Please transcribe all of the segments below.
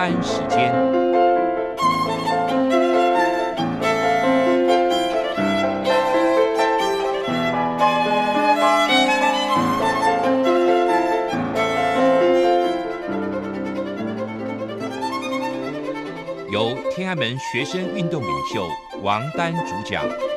丹時間，由天安門學生運動領袖王丹主講。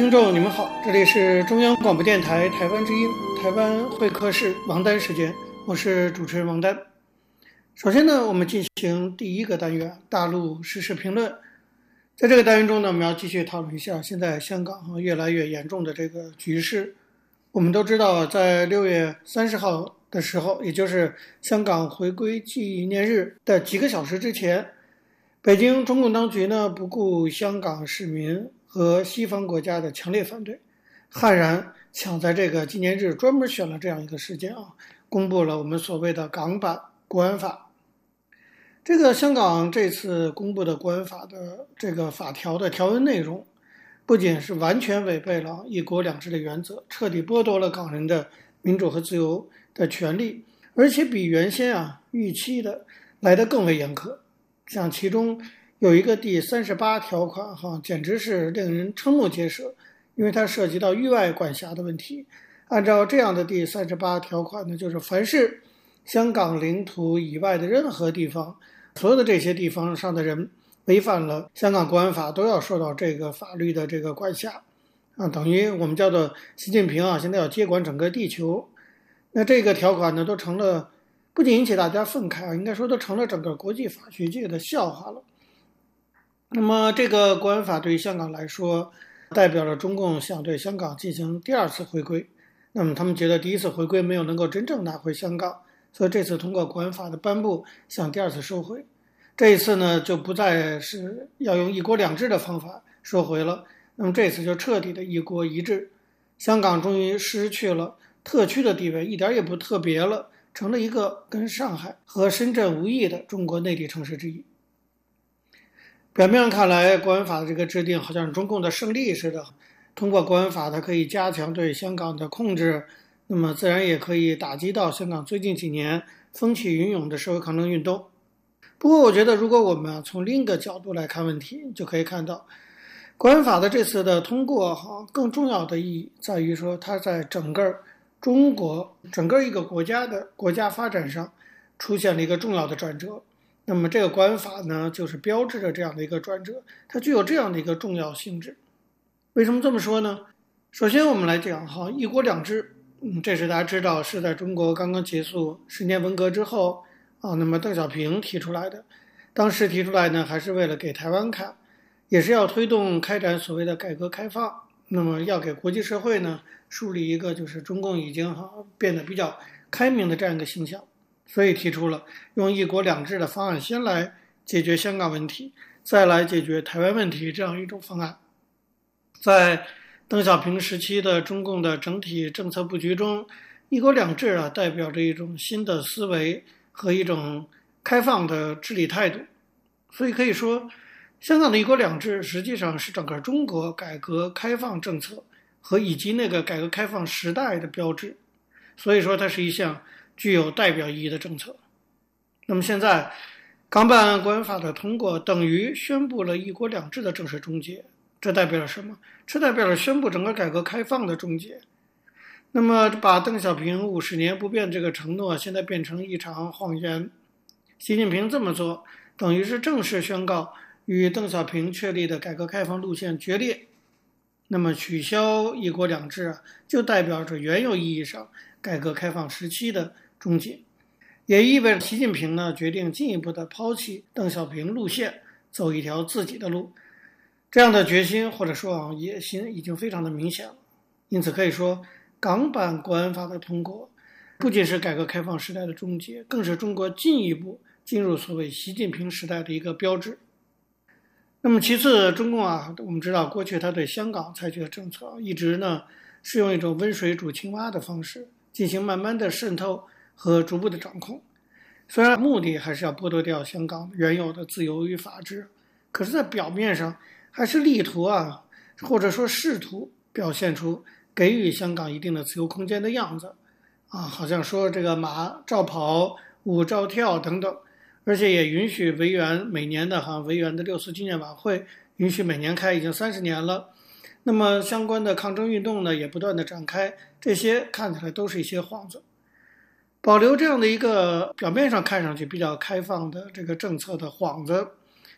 聽眾，你們好，這裡是中央廣播電臺臺灣之音，臺灣會客室王丹時間，我是主持人王丹。首先呢，我們進行第一個單元，大陸時事評論。在這個單元中呢，我們要繼續討論一下現在香港越來越嚴重的這個局勢。我們都知道，在六月三十號的時候，也就是香港回歸紀念日的幾個小時之前，北京中共當局呢，不顧香港市民，和西方國家的強烈反對，悍然搶在這個紀念日，專門選了這樣一個時間啊，公布了我們所謂的港版國安法。這個香港這次公布的國安法的這個法條的條文內容，不僅是完全違背了一國兩制的原則，徹底剝奪了港人的民主和自由的權利，而且比原先啊預期的來得更為嚴苛，像其中。有一個第三十八條款，啊，哈，簡直是令人瞠目結舌，因為它涉及到域外管轄的問題。按照這樣的第三十八條款呢，就是凡是香港領土以外的任何地方，所有的這些地方上的人違反了香港國安法，都要受到這個法律的這個管轄。啊，等於我們叫做習近平啊，現在要接管整個地球。那這個條款呢，都成了，不僅引起大家憤慨啊，應該說都成了整個國際法學界的笑話了。那麼，這個國安法對於香港來說，代表了中共想對香港進行第二次回歸。那麼，他們覺得第一次回歸沒有能夠真正拿回香港，所以這次通過國安法的頒布，想第二次收回。這一次呢，就不再是要用“一國兩制”的方法收回了。那麼，這次就徹底的一國一制，香港終於失去了特區的地位，一點也不特別了，成了一個跟上海和深圳無異的中國內地城市之一。表面上看來，國安法的這個制定好像是中共的勝利似的。通過國安法，它可以加強對香港的控制，那麼自然也可以打擊到香港最近幾年風起雲湧的社會抗爭運動。不過，我覺得如果我們從另一個角度來看問題，就可以看到，國安法的這次的通過，哈，更重要的意義在於說，它在整個中國整個一個國家的國家發展上，出現了一個重要的轉折。那麼這個國安法呢，就是標誌着這樣的一個轉折，它具有這樣的一個重要性質。為什麼這麼說呢？首先我們來講哈，一國兩制，嗯，這是大家知道是在中國剛剛結束十年文革之後啊，那麼鄧小平提出來的，當時提出來呢，還是為了給台灣看，也是要推動開展所謂的改革開放，那麼要給國際社會呢樹立一個就是中共已經哈變得比較開明的這樣一個形象。所以提出了用“一國兩制”的方案先來解決香港問題，再來解決台灣問題，這樣一種方案。在鄧小平時期的中共的整體政策布局中，“一國兩制”啊代表着一種新的思維和一種開放的治理態度。所以可以說，香港的“一國兩制”實際上是整個中國改革開放政策和以及那個改革開放時代的標誌。所以說，它是一項。具有代表意義的政策。那麼現在，港版國安法的通過等於宣布了一國兩制的正式終結。這代表了什麼？這代表了宣布整個改革開放的終結。那麼把鄧小平五十年不變這個承諾現在變成一場謊言。習近平這麼做，等於是正式宣告與鄧小平確立的改革開放路線決裂。那麼取消一國兩制啊，就代表着原有意義上改革開放時期的終結，也意味着習近平呢決定進一步的拋棄鄧小平路線，走一條自己的路，這樣的決心或者說啊野心，已經非常的明顯了。因此可以說，港版國安法的通過，不僅是改革開放時代的終結，更是中國進一步進入所謂習近平時代的一個標誌。那麼其次，中共啊，我們知道過去他對香港採取的政策一直呢是用一種溫水煮青蛙的方式進行慢慢的滲透。和逐步的掌控。雖然目的還是要剝奪掉香港原有的自由與法治，可是，在表面上還是力圖啊，或者說試圖表現出給予香港一定的自由空間的樣子，啊，好像說這個馬照跑，舞照跳等等，而且也允許維園每年的哈維園的六四紀念晚會允許每年開，已經三十年了，那麼相關的抗爭運動呢也不斷的展開，這些看起來都是一些幌子。保留這樣的一個表面上看上去比較開放的這個政策的幌子，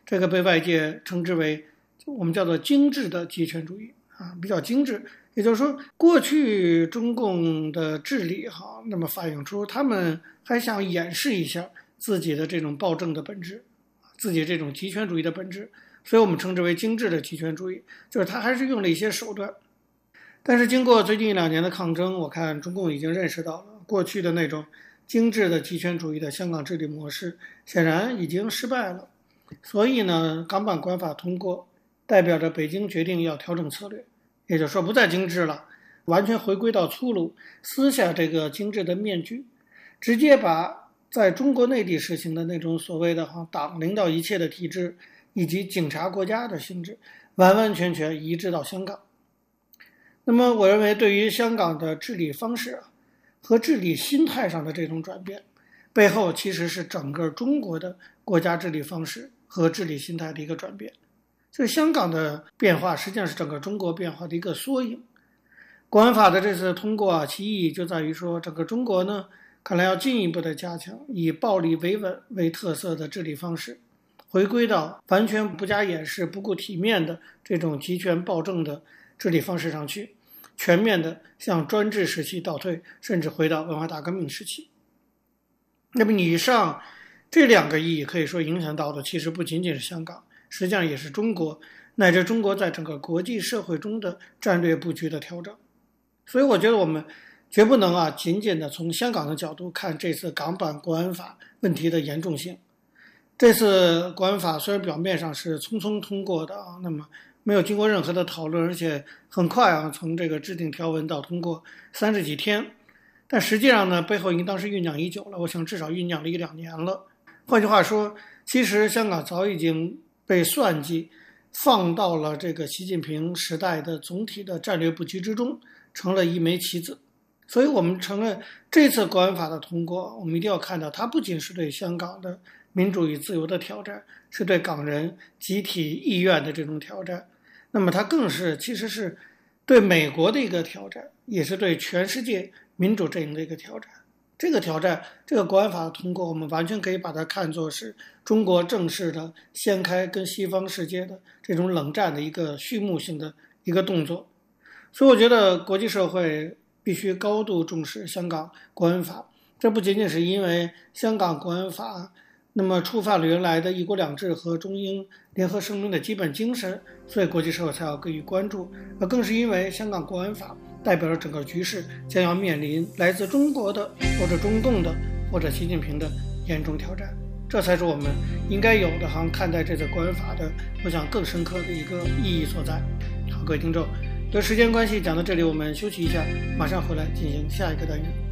這個被外界稱之為我們叫做精致的極權主義啊，比較精致。也就是說，過去中共的治理哈，那麼反映出他們還想掩飾一下自己的這種暴政的本質，啊，自己這種極權主義的本質，所以我們稱之為精致的極權主義，就是他還是用了一些手段。但是經過最近一兩年的抗爭，我看中共已經認識到了。過去的那種精緻的極權主義的香港治理模式，顯然已經失敗了。所以呢，港版國安法通過，代表着北京決定要調整策略，也就是說不再精緻了，完全回歸到粗魯，撕下這個精緻的面具，直接把在中國內地實行的那種所謂的“哈黨領導一切”的體制，以及警察國家的性質，完完全全移植到香港。那麼，我認為對於香港的治理方式啊。和治理心態上的這種轉變，背後其實是整個中國的國家治理方式和治理心態的一個轉變。這香港的變化，實際上是整個中國變化的一個縮影。國安法的這次通過啊，其意義就在於說，整個中國呢，看來要進一步的加強以暴力維穩為特色的治理方式，回歸到完全不加掩飾、不顧體面的這種極權暴政的治理方式上去。全面的向專制時期倒退，甚至回到文化大革命時期。那麼，以上這兩個意義可以說影響到的，其實不僅僅是香港，實際上也是中國乃至中國在整個國際社會中的戰略布局的調整。所以，我覺得我們絕不能啊，僅僅的從香港的角度看這次港版國安法問題的嚴重性。這次國安法雖然表面上是匆匆通過的啊，那麼。沒有經過任何的討論，而且很快啊，從這個制定條文到通過三十幾天，但實際上呢，背後應當是醞釀已久了，我想至少醞釀了一兩年了。換句話說，其實香港早已經被算計，放到了這個習近平時代的總體的戰略佈局之中，成了一枚棋子。所以我們承認，這次國安法的通過，我們一定要看到，它不僅是對香港的民主與自由的挑戰，是對港人集體意願的這種挑戰。那麼它更是，其實是對美國的一個挑戰，也是對全世界民主陣營的一個挑戰。這個挑戰，這個國安法的通過，我們完全可以把它看作是中國正式的掀開跟西方世界的這種冷戰的一個序幕性的一個動作。所以，我覺得國際社會必須高度重視香港國安法。這不僅僅是因為香港國安法。那麼觸犯了原來的一國兩制和中英聯合聲明的基本精神，所以國際社會才要給予關注。而更是因為香港國安法代表了整個局勢將要面臨來自中國的或者中共的或者習近平的嚴重挑戰，這才是我們應該有的好像看待這次國安法的，我想更深刻的一個意義所在。好，各位聽眾，由於時間關係，講到這裡，我們休息一下，馬上回來進行下一個單元。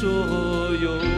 所有。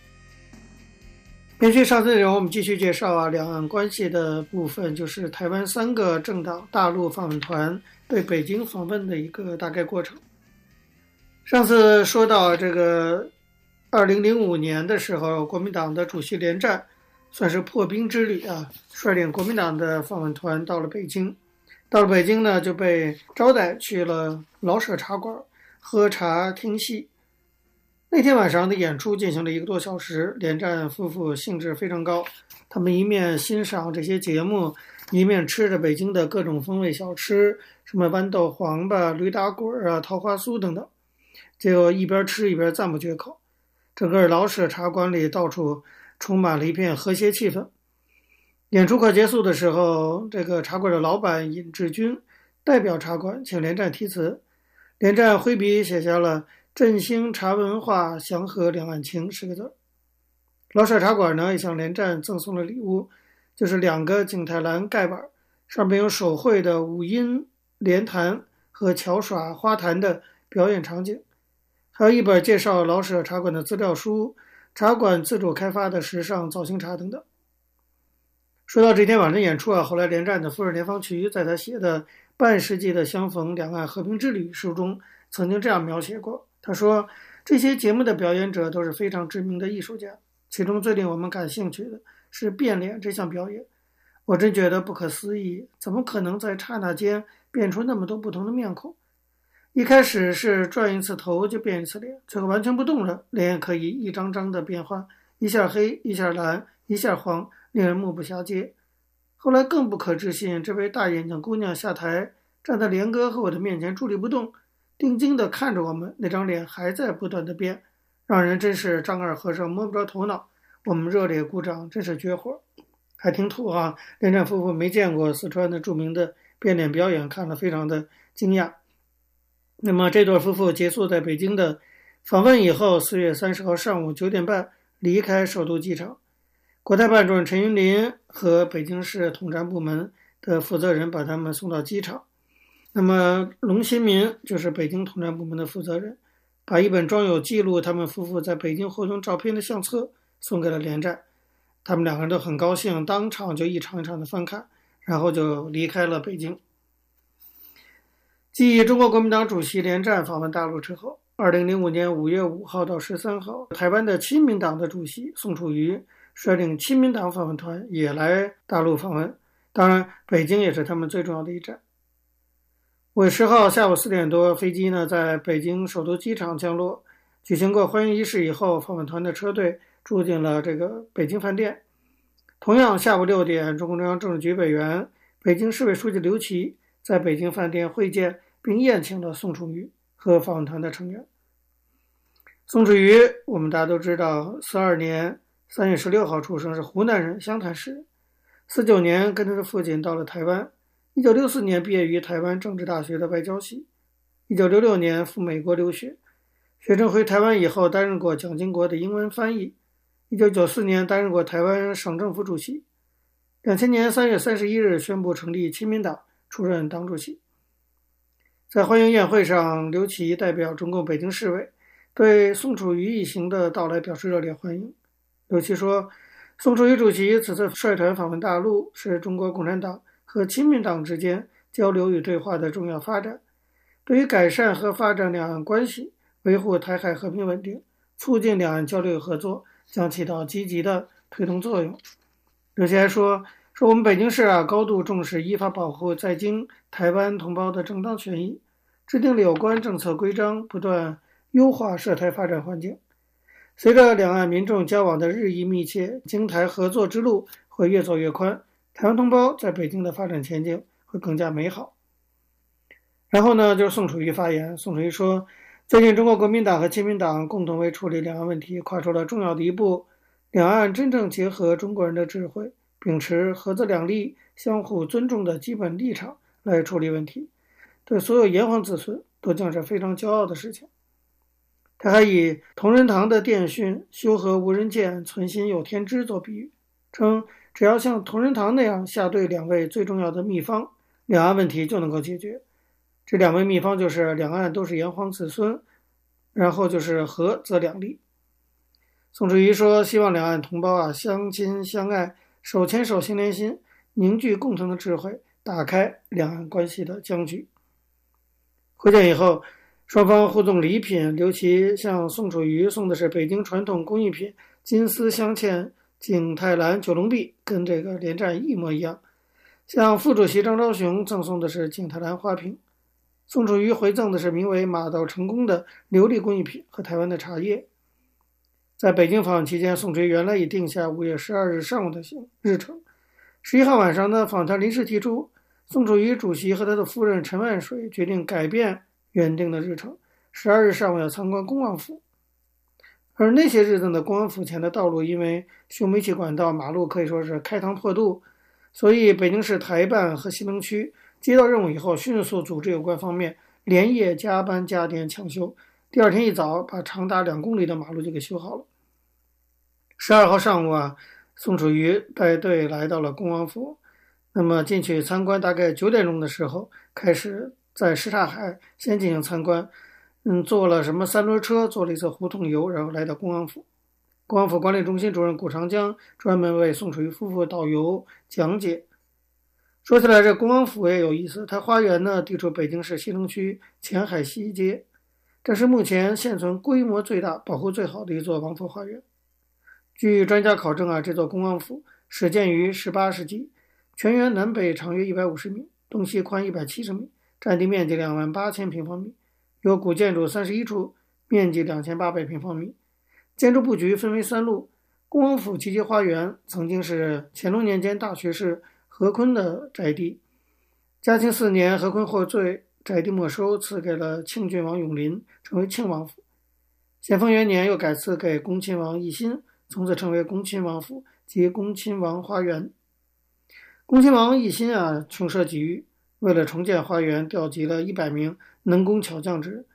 延續上次內容，我們繼續介紹啊，兩岸關係的部分，就是台灣三個政黨大陸訪問團對北京訪問的一個大概過程。上次說到這個，二零零五年的時候，國民黨的主席連戰算是破冰之旅啊，率領國民黨的訪問團到了北京，到了北京呢就被招待去了老舍茶館喝茶聽戲。那天晚上的演出進行了一個多小時，連戰夫婦興致非常高，他們一面欣賞這些節目，一面吃着北京的各種風味小吃，什麼豌豆黃吧、驢打滾兒啊、桃花酥等等，就一邊吃一邊讚不絕口。整個老舍茶館裡到處充滿了一片和諧氣氛。演出快結束的時候，這個茶館的老板尹志軍代表茶館請連戰題詞，連戰揮筆寫下了。振興茶文化，祥和兩岸情，十個字。老舍茶館呢，也向連戰贈送了禮物，就是兩個景泰藍蓋碗，上面有手繪的五音聯彈和巧耍花壇的表演場景，還有一本介紹老舍茶館的資料書，茶館自主開發的時尚造型茶等等。說到這天晚上演出啊，後來連戰的夫人連方瑀在他寫的《半世紀的相逢：兩岸和平之旅》書中，曾經這樣描寫過。他說：“這些節目的表演者都是非常知名的藝術家，其中最令我們感興趣的是變臉這項表演。我真覺得不可思議，怎麼可能在剎那間變出那麼多不同的面孔？一開始是轉一次頭就變一次臉，最後完全不動了，臉也可以一張張的變化，一下黑，一下藍，一下黃，令人目不暇接。後來更不可置信，這位大眼睛姑娘下台，站在連哥和我的面前，佇立不動。”定睛地看着我們，那張臉還在不斷的變，讓人真是丈二和尚摸不着頭腦。我們熱烈鼓掌，真是絕活，還挺土哈、啊。連戰夫婦沒見過四川的著名的變臉表演，看了非常的驚訝。那麼，這對夫婦結束在北京的訪問以後，四月三十號上午九點半離開首都機場。國台辦主任陳雲林和北京市統戰部門的負責人把他們送到機場。那麼，龍新民就是北京統戰部門的負責人，把一本裝有記錄他們夫婦在北京活動照片的相冊送給了連戰，他們兩個人都很高興，當場就一場一場地翻看，然後就離開了北京。繼中國國民黨主席連戰訪問大陸之後，二零零五年五月五號到十三號，台灣的親民黨的主席宋楚瑜率領親民黨訪問團也來大陸訪問，當然，北京也是他們最重要的一站。五月十號下午四點多，飛機呢在北京首都機場降落，舉行過歡迎儀式以後，訪問團的車隊住進了這個北京飯店。同樣，下午六點，中共中央政治局委員、北京市委書記劉淇在北京飯店會見並宴請了宋楚瑜和訪問團的成員。宋楚瑜，我們大家都知道，四二年三月十六號出生，是湖南人，湘潭市人。四九年跟他的父親到了台灣。一九六四年畢業於台灣政治大學的外交系，一九六六年赴美國留學，學成回台灣以後擔任過蔣經國的英文翻譯。一九九四年擔任過台灣省政府主席。兩千年三月三十一日宣布成立親民黨，出任黨主席。在歡迎宴會上，劉奇代表中共北京市委對宋楚瑜一行的到來表示熱烈歡迎。劉奇說：“宋楚瑜主席此次率團訪問大陸，是中國共產黨。”和親民黨之間交流與對話的重要發展，對於改善和發展兩岸關係、維護台海和平穩定、促進兩岸交流與合作，將起到積極的推動作用。首先說說我們北京市啊，高度重視依法保護在京台灣同胞的正當權益，制定了有關政策規章，不斷優化涉台發展環境。隨着兩岸民眾交往的日益密切，京台合作之路會越走越寬。台灣同胞在北京的發展前景會更加美好。然後呢，就是宋楚瑜發言。宋楚瑜說：“最近，中國國民黨和親民黨共同為處理兩岸問題跨出了重要的一步，兩岸真正結合中國人的智慧，秉持‘合則兩利，相互尊重’的基本立場來處理問題，對所有炎黃子孫都將是非常驕傲的事情。”他還以同仁堂的電訊‘修合無人見，存心有天知’做比喻，稱。只要像同仁堂那樣下對兩位最重要的秘方，兩岸問題就能夠解決。這兩位秘方就是兩岸都是炎黃子孫，然後就是合則兩利。宋楚瑜說：“希望兩岸同胞啊，相親相愛，手牽手，心連心，凝聚共同的智慧，打開兩岸關係的僵局。”會見以後，雙方互贈禮品，劉淇向宋楚瑜送的是北京傳統工藝品金絲鑲嵌。景泰藍九龍壁跟這個連戰一模一樣。向副主席張昭雄贈送的是景泰藍花瓶，宋楚瑜回贈的是名為“馬到成功”的琉璃工藝品和台灣的茶葉。在北京訪問期間，宋楚瑜原來已定下5月12日上午的行日程。11號晚上的訪談臨時提出，宋楚瑜主席和他的夫人陳萬水決定改變原定的日程，12日上午要參觀恭王府。而那些日子呢，恭王府前的道路因為修煤氣管道，馬路可以說是開膛破肚。所以，北京市台辦和西城區接到任務以後，迅速組織有關方面連夜加班加點搶修，第二天一早把長達兩公里的馬路就給修好了。十二號上午啊，宋楚瑜帶隊來到了恭王府，那麼進去參觀，大概九點鐘的時候，開始在什剎海先進行參觀。嗯，坐了什麼三輪車，坐了一次胡同遊，然後來到恭王府。恭王府管理中心主任谷長江專門為宋楚瑜夫婦導遊講解。說起來，這恭王府也有意思。它花園呢，地處北京市西城區前海西街，這是目前現存規模最大、保護最好的一座王府花園。據專家考證啊，這座恭王府始建於十八世紀，全園南北長約一百五十米，東西寬一百七十米，占地面積兩萬八千平方米。有古建築三十一處，面積兩千八百平方米。建築布局分為三路。恭王府及其花園曾經是乾隆年間大學士和珅的宅地。嘉慶四年，和珅獲罪，宅地沒收，賜給了慶郡王永璘，成為慶王府。咸豐元年，又改賜給恭親王奕欣，從此成為恭親王府及恭親王花園。恭親王奕欣啊，窮奢極欲，為了重建花園，調集了一百名。能工巧匠，之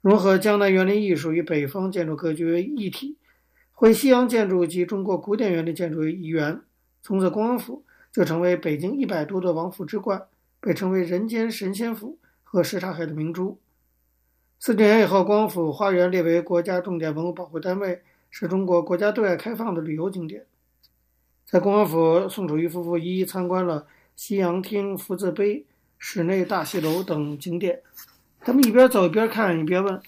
融合江南園林藝術與北方建築格局為一體，匯西洋建築及中國古典園林建築於一園。從此，恭王府就成為北京一百多座王府之冠，被稱為“人間神仙府”和什剎海的明珠。四九年以後，恭王府花園列為國家重點文物保護單位，是中國國家對外開放的旅遊景點。在恭王府，宋楚瑜夫婦一一參觀了西洋廳、福字碑、室內大戲樓等景點。他們一邊走一邊看一邊問，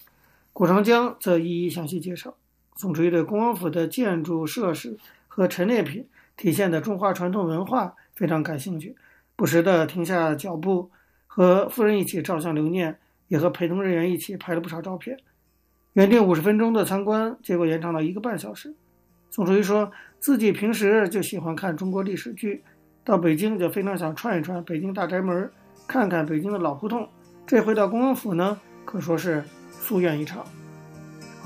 古長江則一一詳細介紹。宋楚瑜對恭王府的建築設施和陳列品體現的中華傳統文化非常感興趣，不時地停下腳步和夫人一起照相留念，也和陪同人員一起拍了不少照片。原定五十分鐘的參觀，結果延長了一個半小時。宋楚瑜說自己平時就喜歡看中國歷史劇，到北京就非常想串一串北京大宅門，看看北京的老胡同。這回到公安府呢，可說是夙願一場。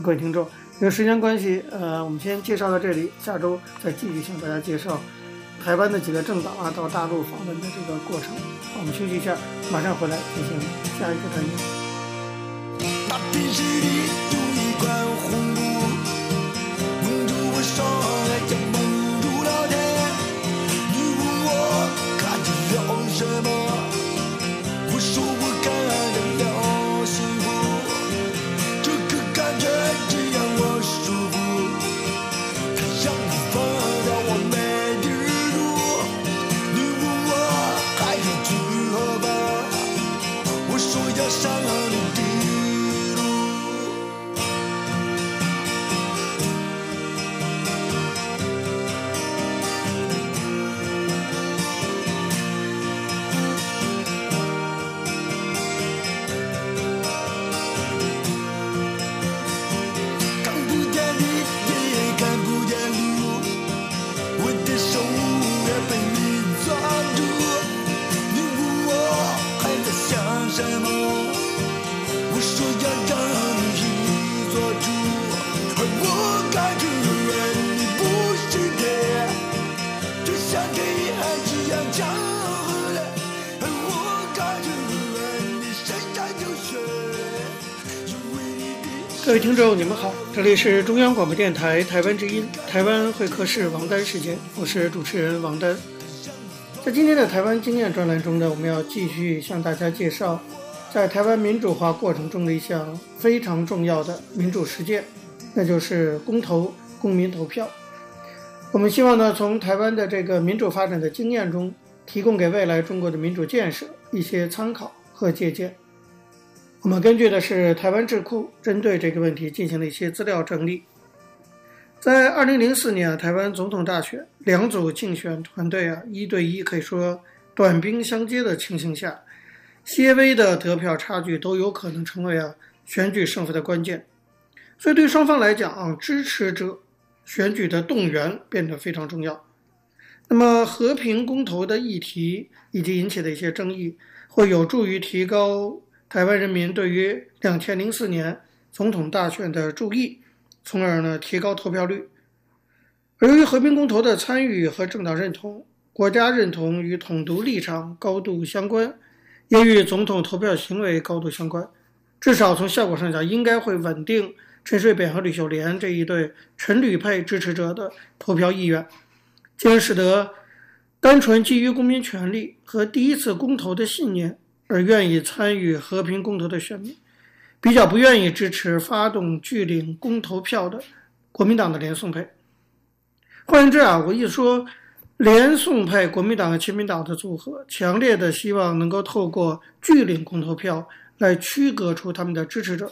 各位聽眾，因為時間關係，呃，我們先介紹到這裡，下周再繼續向大家介紹台灣的幾個政黨啊，到大陸訪問的這個過程。我們休息一下，馬上回來進行下一個單元。聽眾你們好，這裡是中央廣播電台台灣之音台灣會客室王丹時間。我是主持人王丹。在今天的台灣經驗專欄中呢，我們要繼續向大家介紹，在台灣民主化過程中的一項非常重要的民主實踐，那就是公投，公民投票。我們希望呢，從台灣的這個民主發展的經驗中，提供給未來中國的民主建設一些參考和借鑑。我們根據的是台灣智庫針對這個問題進行了一些資料整理。在2004年台灣總統大選，兩組競選團隊啊一對一可以說短兵相接的情形下，些微的得票差距都有可能成為啊選舉勝負的關鍵，所以對雙方來講，啊，支持者選舉的動員變得非常重要。那麼和平公投的議題以及引起的一些爭議，會有助於提高。台灣人民對於兩千零四年總統大選的注意，從而呢提高投票率。而由於和平公投的參與和政黨認同、國家認同與統獨立場高度相關，也與總統投票行為高度相關。至少從效果上講，應該會穩定陳水扁和呂秀蓮這一對陳呂配支持者的投票意願，將使得單純基於公民權利和第一次公投的信念。而願意參與和平公投的選民，比較不願意支持發動拒領公投票的國民黨的連宋配。換言之啊，我一說，連宋配國民黨和親民黨的組合，強烈的希望能夠透過拒領公投票來區隔出他們的支持者，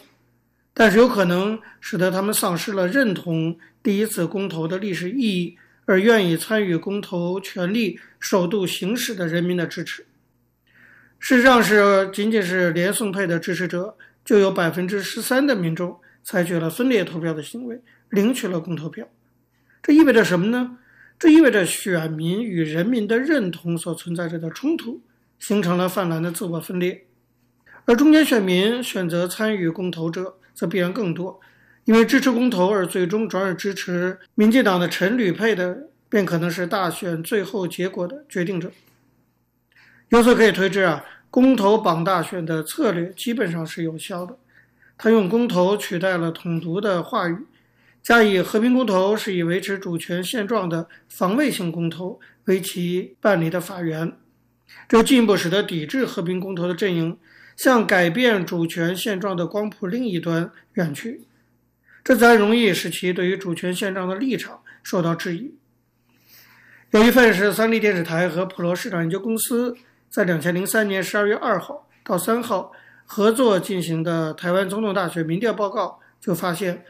但是有可能使得他們喪失了認同第一次公投的歷史意義，而願意參與公投權利首度行使的人民的支持。事實上是，僅僅是連宋配的支持者就有百分之十三的民眾採取了分裂投票的行為，領取了公投票。這意味着什麼呢？這意味着選民與人民的認同所存在着的衝突，形成了泛藍的自我分裂。而中間選民選擇參與公投者則必然更多，因為支持公投而最終轉而支持民進黨的陳呂配的，便可能是大選最後結果的決定者。由此可以推知啊。公投綁大選的策略基本上是有效的，他用公投取代了統獨的話語，加以和平公投是以維持主權現狀的防衛性公投為其辦理的法源，這進一步使得抵制和平公投的陣營向改變主權現狀的光譜另一端遠去，這才容易使其對於主權現狀的立場受到質疑。有一份是三立電視台和普羅市場研究公司。在兩千零三年十二月二號到三號合作進行的台灣總統大選民調報告就發現，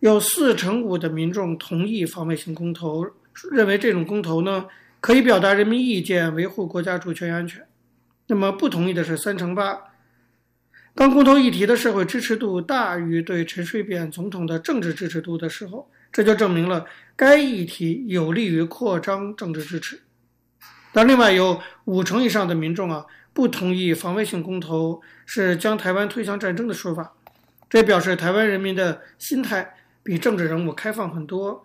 有四成五的民眾同意防衛性公投，認為這種公投呢可以表達人民意見，維護國家主權安全。那麼不同意的是三成八。當公投議題的社會支持度大於對陳水扁總統的政治支持度的時候，這就證明了該議題有利於擴張政治支持。那另外有五成以上的民眾啊不同意防衛性公投是將台灣推向戰爭的說法，這表示台灣人民的心態比政治人物開放很多，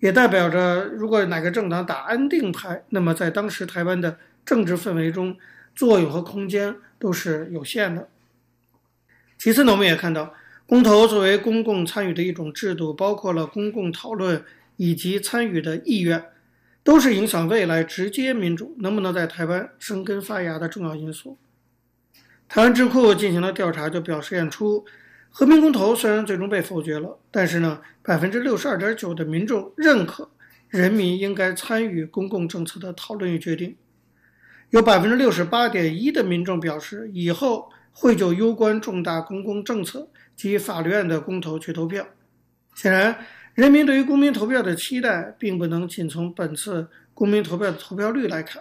也代表着如果哪個政黨打安定牌，那麼在當時台灣的政治氛圍中，作用和空間都是有限的。其次呢，我們也看到，公投作為公共參與的一種制度，包括了公共討論以及參與的意願。都是影響未來直接民主能不能在台灣生根發芽的重要因素。台灣智庫進行了調查，就表現出和平公投雖然最終被否決了，但是呢，百分之六十二點九的民眾認可人民應該參與公共政策的討論與決定，有百分之六十八點一的民眾表示以後會就攸關重大公共政策及法律案的公投去投票。顯然。人民對於公民投票的期待，並不能僅從本次公民投票的投票率來看。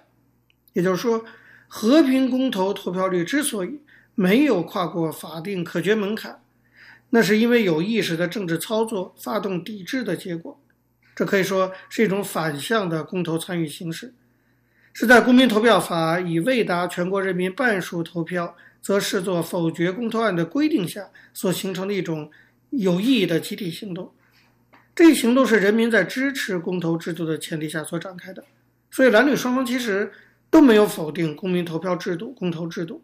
也就是說，和平公投投票率之所以沒有跨過法定可決門檻，那是因為有意識的政治操作發動抵制的結果。這可以說是一種反向的公投參與形式，是在公民投票法以未達全國人民半數投票則視作否決公投案的規定下所形成的一種有意義的集體行動。這一行動是人民在支持公投制度的前提下所展開的，所以藍綠雙方其實都沒有否定公民投票制度，公投制度，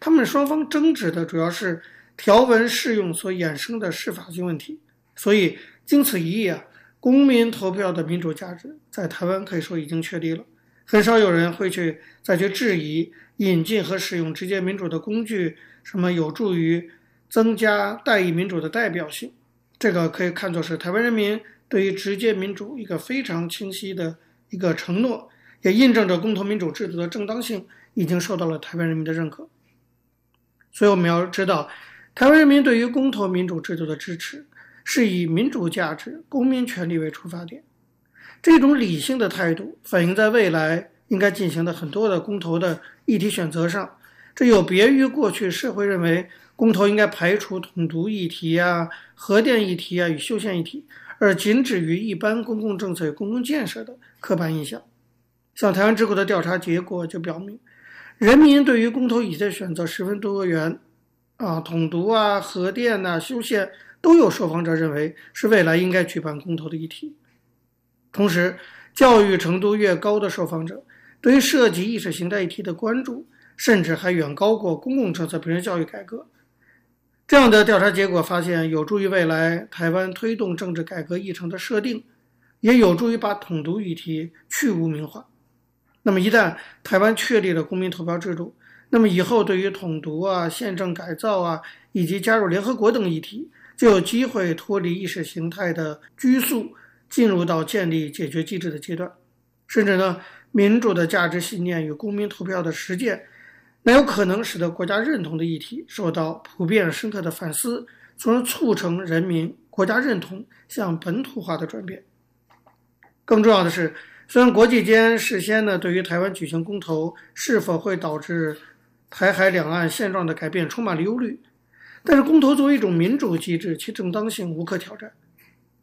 他們雙方爭執的主要是條文適用所衍生的適法性問題。所以經此一役啊，公民投票的民主價值在台灣可以說已經確立了，很少有人會去再去質疑引進和使用直接民主的工具，什麼有助於增加代議民主的代表性。這個可以看作是台灣人民對於直接民主一個非常清晰的一個承諾，也印證着公投民主制度的正當性已經受到了台灣人民的認可。所以我們要知道，台灣人民對於公投民主制度的支持是以民主價值、公民權利為出發點。這種理性的態度反映在未來應該進行的很多的公投的議題選擇上，這有別於過去社會認為。公投應該排除統獨議題啊、核電議題啊與修憲議題，而僅止於一般公共政策與公共建設的刻板印象。像台灣智庫的調查結果就表明，人民對於公投議題的選擇十分多元，啊，統獨啊、核電啊、修憲都有受訪者認為是未來應該舉辦公投的議題。同時，教育程度越高的受訪者，對於涉及意識形態議題的關注，甚至還遠高過公共政策，比如教育改革。這樣的調查結果發現，有助於未來台灣推動政治改革議程的設定，也有助於把統獨議題去污名化。那麼，一旦台灣確立了公民投票制度，那麼以後對於統獨啊、憲政改造啊，以及加入聯合國等議題，就有機會脫離意識形態的拘束，進入到建立解決機制的階段。甚至呢，民主的價值信念與公民投票的實踐。那有可能使得國家認同的議題受到普遍深刻的反思，從而促成人民國家認同向本土化的轉變。更重要的是，雖然國際間事先呢對於台灣舉行公投是否會導致台海兩岸現狀的改變充滿了憂慮，但是公投作為一種民主機制，其正當性無可挑戰。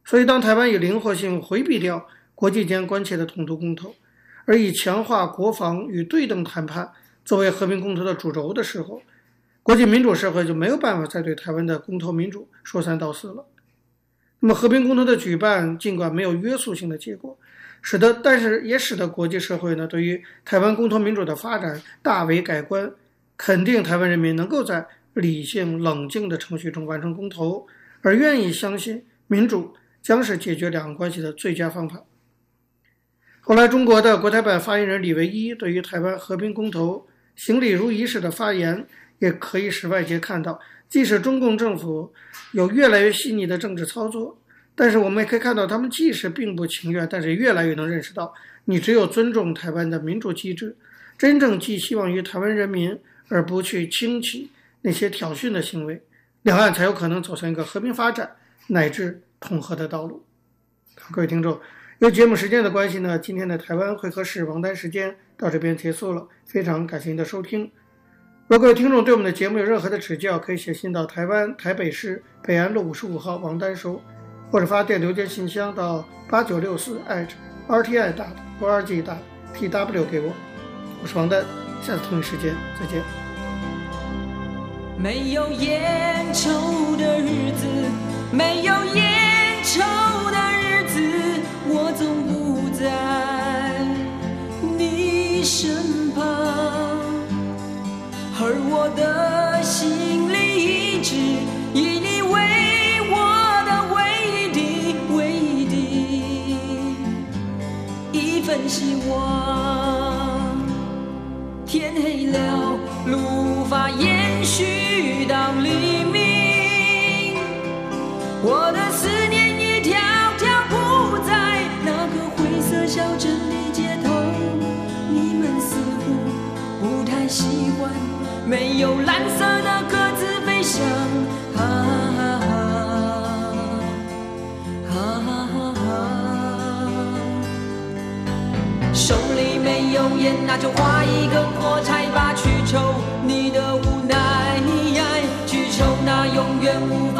所以，當台灣以靈活性回避掉國際間關切的統獨公投，而以強化國防與對等談判，作為和平公投的主軸的時候，國際民主社會就沒有辦法再對台灣的公投民主說三道四了。那麼，和平公投的舉辦儘管沒有約束性的結果，使得但是也使得國際社會呢對於台灣公投民主的發展大為改觀，肯定台灣人民能夠在理性冷靜的程序中完成公投，而願意相信民主將是解決兩岸關係的最佳方法。後來，中國的國台辦發言人李維一對於台灣和平公投。行禮如儀式的發言，也可以使外界看到，即使中共政府有越來越細膩的政治操作，但是我們也可以看到，他們即使並不情願，但是越來越能認識到，你只有尊重台灣的民主機制，真正寄希望於台灣人民，而不去輕啟那些挑釁的行為，兩岸才有可能走上一個和平發展乃至統合的道路。各位聽眾。由於節目時間的關係呢，今天的台灣會客室王丹時間到這邊結束了，非常感謝您的收聽。如果各位聽眾對我們的節目有任何的指教，可以寫信到台灣台北市北安路五十五號王丹收，或者發電郵件信箱到八九六四艾特 r t i 大 o r g 大 t w 給我。我是王丹，下次同一時間再見。沒有菸抽的日子，沒有菸抽的日子。我總不在你身旁，而我的心裡一直以你為我的唯一的、唯一的，一份希望。天黑了，路發炎。沒有藍色的鴿子飛翔，哈哈哈，手裡沒有煙，那就劃一根火柴吧，去抽你的無奈，去抽那永遠無法。